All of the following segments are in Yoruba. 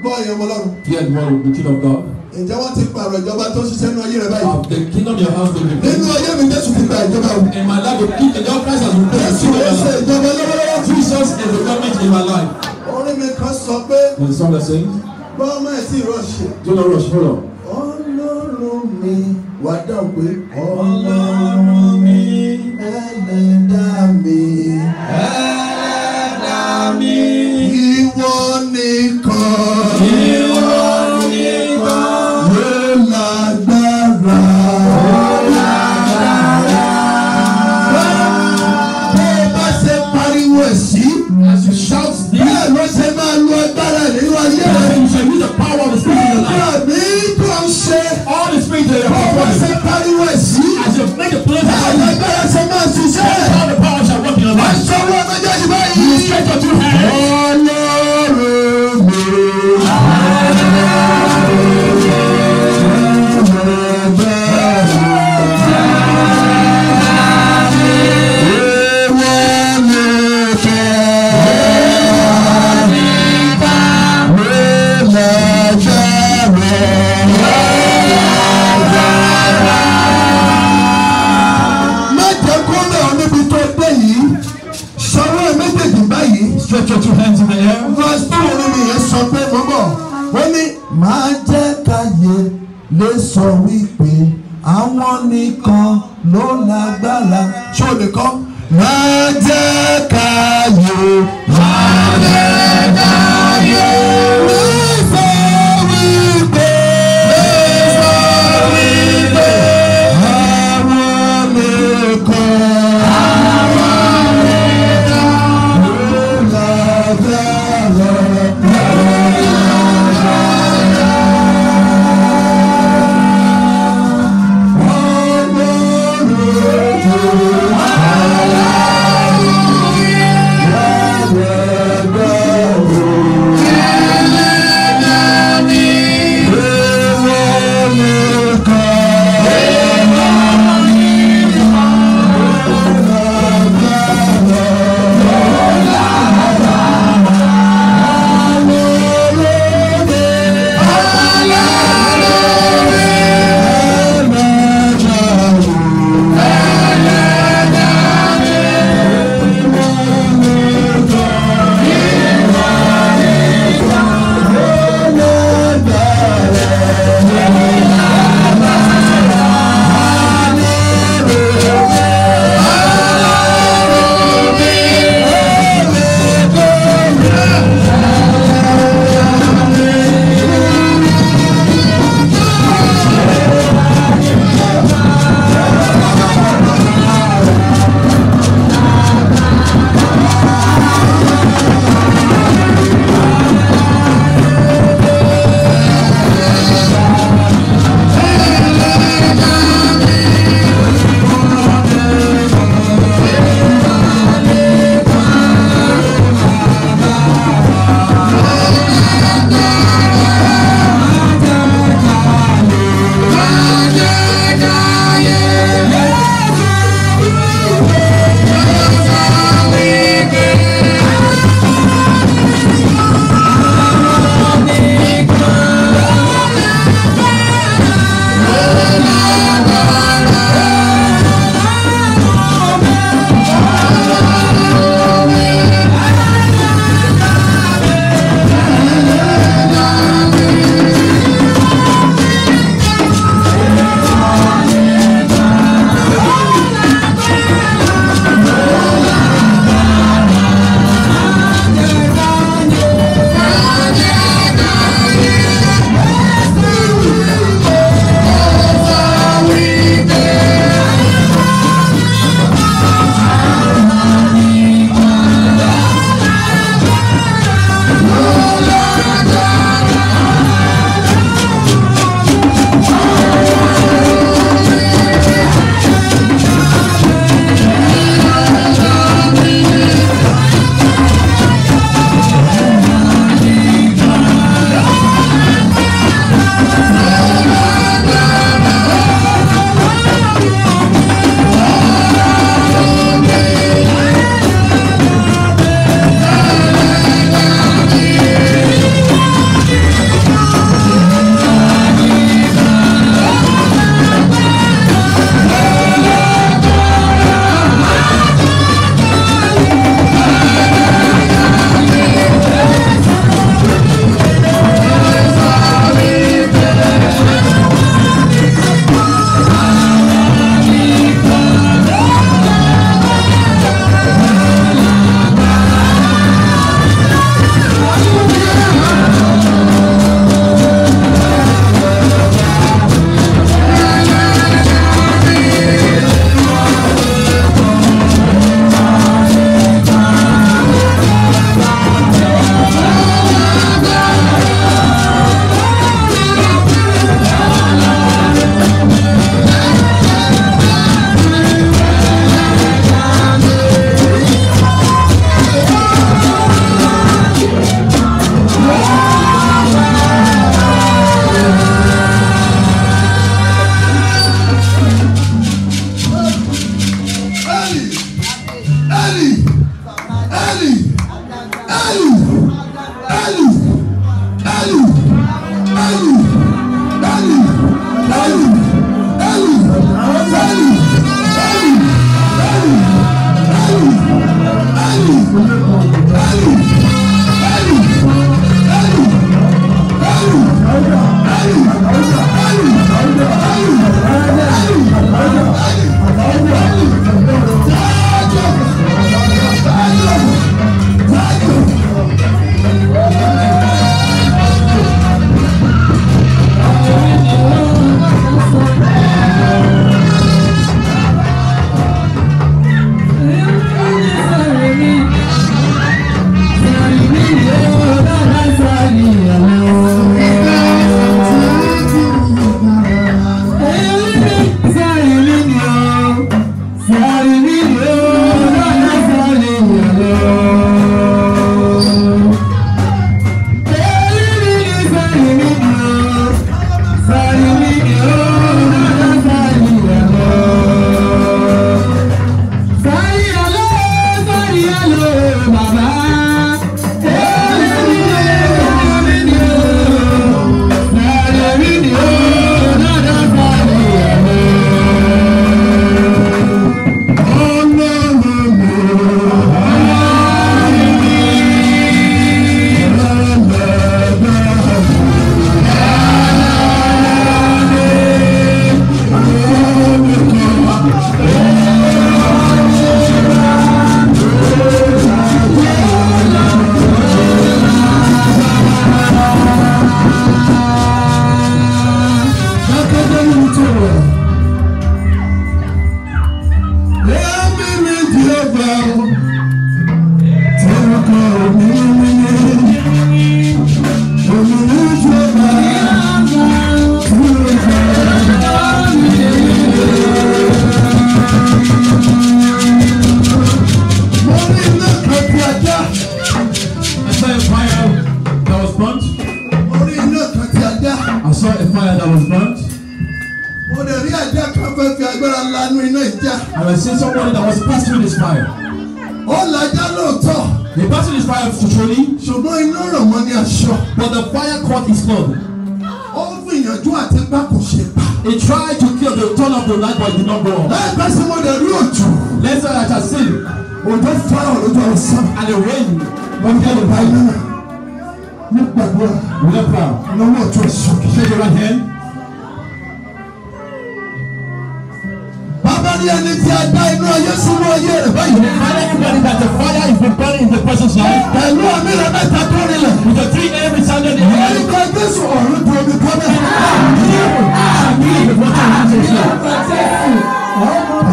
Gbọ́ ìyẹn ọmọ Ọlọ́run. Hear the word of the kingdom of God. Ǹjẹ́ wọ́n ti pààrọ̀ ìjọba tó ṣiṣẹ́ nínú ayé rẹ báyìí? Of the kingdom your house will be. Nínú ayé mi Jésù ti gba ìjọba o. In my life, the kingdom of Christ has been there. Jésù ló ṣe ìjọba lọ́wọ́lọ́wọ́. Jesus is the government in my life. Orin mi kan sọ pé. The song dey sing. Bọ́ ọmọ ẹ̀ sí ìrọ̀ṣẹ̀. Do not rush, hold on. Ọlọ́run mi wà dáhùn pé. Ọlọ́run mi ẹlẹ́dàá mi. straight unto her. verse two ni mi yẹn sọ pé mo bọ̀ wọ́n ní. máa jẹ́ káyé lè sọ wípé àwọn nìkan ló lágbára. ṣé o lè kọ́? máa. saw a fire that was burnt. And I see somebody that was passing through this fire. Ó làjá lóòótọ́. The person is fire truly. Ṣùgbọ́n iná ràn wọ́n ní aṣọ. But the fire caught his cloth. He tried to kill the turn of the light but he did not go on. Láìpẹ́ sí mo lè rí òjò. Let's say I can see. Òjò fẹ́ràn lójú ọ̀sán. And the rain. Wọ́n fi ẹ̀rọ báyìí ní gbàdúrà lọ́wọ́ ọ̀tún ẹ̀sùn. ṣéjọ la yẹn. bàbá ní ẹni tí a dá inú ayé sínú ayé rẹ̀ báyìí. the final body that the fire is preparing in the person's life. pẹ̀lú àmì rẹ̀ mẹ́ta tó rinlẹ̀. with the three every Saturday night. wọ́n ní kọ́ Jésù ọ̀run tó omi kọ́ bẹ́ẹ̀. àmì ìwọ́tò ní Jésù.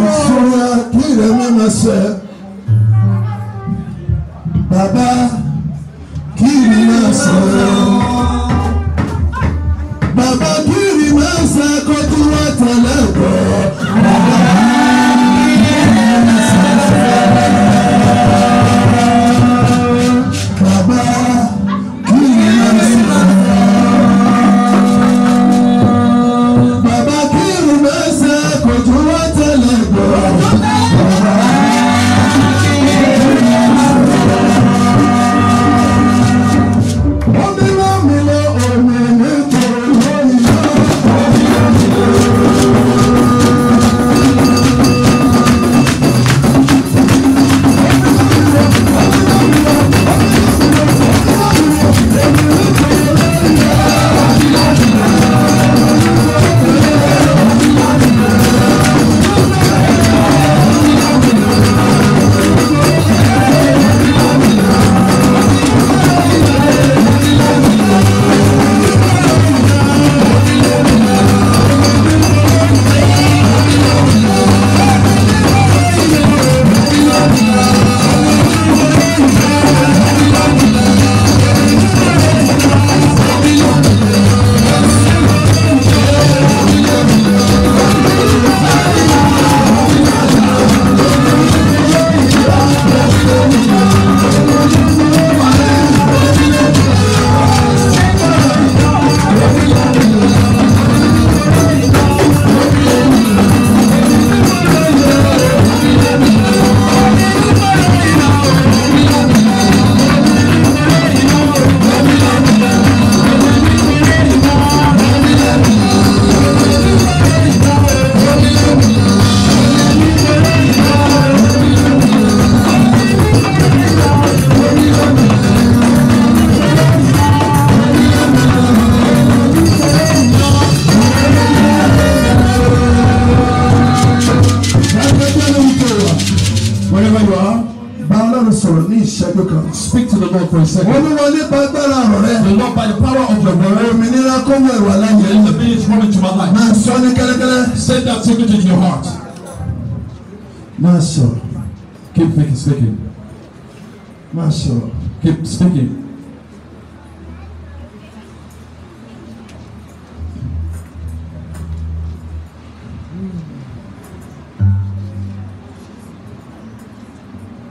ìṣòro kí ìrẹ́mí máa ṣe. bàbá. coração. God for a second. Olúwa nípa agbára rẹ. The Lord by the power of your word. Òmìnira kó wọ ìwà láyé. There is a finish coming my life. Máa sọ ní kẹ́lẹ́kẹ́lẹ́. Set that secret in your heart. Máa sọ. Keep speaking, speaking. Máa sọ. Keep speaking.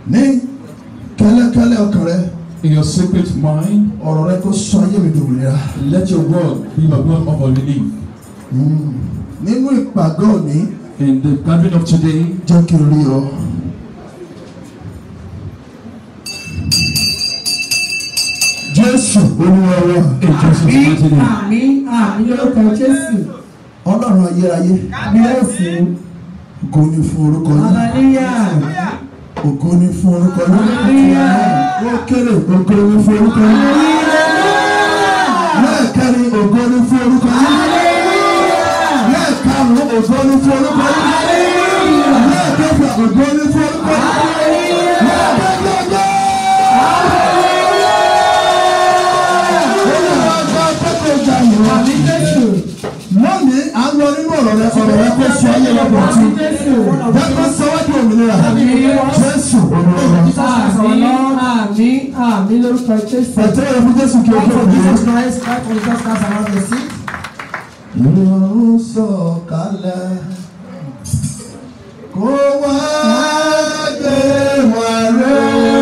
ní kẹ́lẹ́kẹ́lẹ́ ọkàn rẹ in your secret mind. ọ̀rọ̀ rẹ kó sọ ayé mi dòmìnira. let your word be my word of relief. Hmm. nínú ìpàgọ́ òní. in the gathering of today. jẹ́ kí n rí ọ. Jésù Olúwa wa. àmín àmín àmín lórúkọ Jésù. Ọlọ́run ayérayé. Bẹ́ẹ̀sì. Ògo ni fún orúkọ yín. Ògo ni fún orúkọ yín kéré ògo ni fún orúkọ yín. lẹ́ẹ̀kẹrin ògo ni fún orúkọ yín. lẹ́ẹ̀karùn-ún ògo ni fún orúkọ yín. lẹ́ẹ̀kẹfà ògo ni fún orúkọ yín. lẹ́ẹ̀kẹjọ. lónìí à ń lọ nínú ọ̀rọ̀ rẹ ọ̀rọ̀ rẹ kó sọ ayé lọ́pọ̀ tí jẹ́ kó sọ wájú òmìnira Jésù lórúkọ Jésù. Pẹ̀tẹ́ ẹ̀mú Jésù kí o tó bí. Jesus Christ Christ will just cast around the sea. Yóò sọ̀kalẹ̀ kó wá gbé wọn